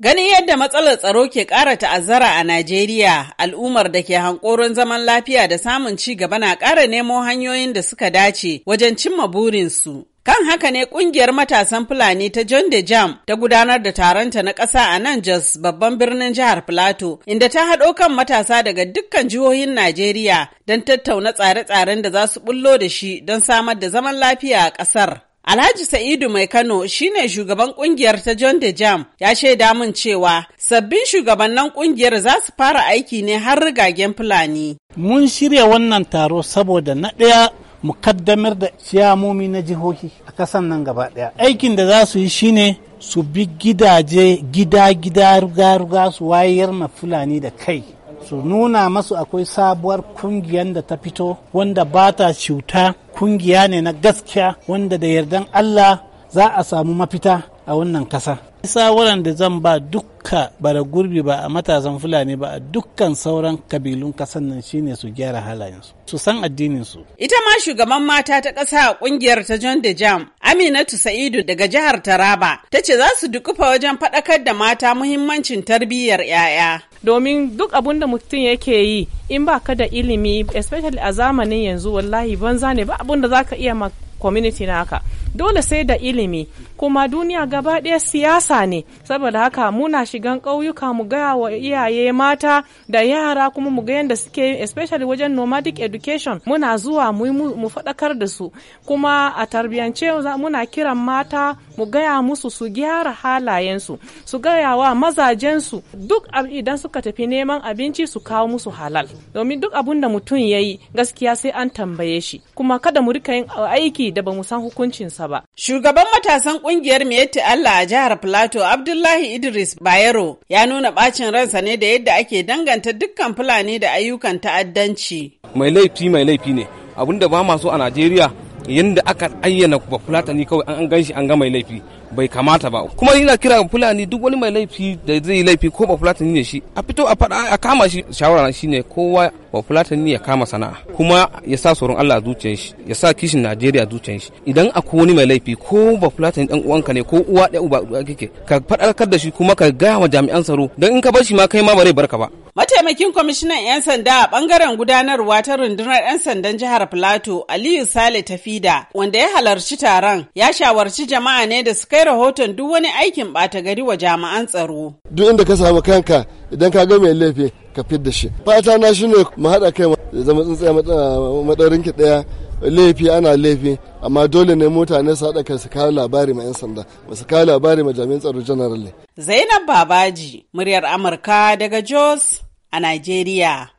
Ganin yadda matsalar tsaro ke ƙara ta'azzara a Najeriya, al'ummar da ke hankoron zaman lafiya da samun ci gaba na ƙara nemo hanyoyin da suka dace wajen cimma burinsu. Kan haka ne ƙungiyar matasan Fulani ta John de Jam ta gudanar da taronta na ƙasa a nan Jos babban birnin jihar Filato, inda ta haɗo kan matasa daga dukkan jihohin Najeriya don tattauna tsare-tsaren da za su bullo da shi don samar da zaman lafiya a ƙasar. Alhaji Sa'idu Mai Kano shine shugaban kungiyar ta John De Jam ya shaida min cewa sabbin shugabannin kungiyar za su fara aiki ne har rigagen Fulani. Mun shirya wannan taro saboda na ɗaya mu kaddamar da siyamomi na jihohi a kasan nan gaba ɗaya. Aikin da za su yi shine su bi gidaje gida gida ruga ruga su wayar ma Fulani da kai su nuna masu akwai sabuwar kungiyar da ta fito wanda ba ta cuta kungiya ne na gaskiya wanda da yardan Allah za a samu mafita a wannan kasa shawaran da zan ba dukka bara gurbi ba a matasan fulani ba a dukkan sauran kabilun kasan nan shine su gyara halayensu su san addininsu ita ma shugaban mata ta ƙasa a ƙungiyar ta john de jam aminatu sa'idu daga jihar taraba ta ce za su dukufa wajen faɗakar da mata muhimmancin tarbiyyar 'ya'ya domin duk abun da mutum yake yi in ba ka da ilimi especially a zamanin yanzu wallahi banza ne ba abun da za ka iya ma community naka dole sai da ilimi kuma duniya gaba ɗaya siyasa ne saboda haka muna shigan ƙauyuka mu gaya wa iyaye mata da yara kuma mu ga yadda suke especially wajen nomadic education muna zuwa mu faɗakar da su kuma a tarbiyance muna kiran mata mu gaya musu su gyara halayensu su gaya wa mazajensu duk idan suka tafi neman abinci su kawo musu halal domin duk abin da mutum ya yi gaskiya sai an tambaye shi kuma kada mu rika yin aiki da ba mu san hukuncinsa ba. Shugaban matasan kungiyar Miyetti Allah a jihar Plateau Abdullahi Idris Bayero ya nuna bacin ransa ne da yadda ake danganta dukkan Fulani da ayyukan ta'addanci. Mai laifi mai laifi ne. Abin ba masu a Najeriya yadda aka ayyana ba fulatani kawai an gan shi an ga mai laifi bai kamata ba kuma ina kira fulani duk wani mai laifi da zai laifi ko ba fulatani ne shi a fito a faɗa a kama shi shawara shine kowa ba fulatani ya kama sana'a kuma ya sa tsoron Allah a zuciyar shi ya sa kishin Najeriya a zuciyar shi idan akwai wani mai laifi ko ba fulatani dan uwanka ne ko uwa ɗaya uba kike ka faɗarkar da shi kuma ka gaya wa jami'an tsaro dan in ka bar shi ma kai ma ba zai barka ba Mataimakin kwamishinan 'yan sanda a bangaren gudanarwa ta rundunar 'yan sandan jihar Filato Aliyu Sale Tafida wanda ya halarci taron ya shawarci jama'a ne da su kai rahoton duk wani aikin bata gari wa jama'an tsaro. Duk inda ka samu kanka idan ka ga mai laifi ka fidda shi. Fata na ne mu haɗa kai zama tsuntsaya madarin ki ɗaya laifi ana laifi amma dole ne mutane su haɗa kai su kawo labari ma 'yan sanda ba su kawo labari ma jami'an tsaro general Zainab Babaji, muryar Amurka daga Jos a Nigeria.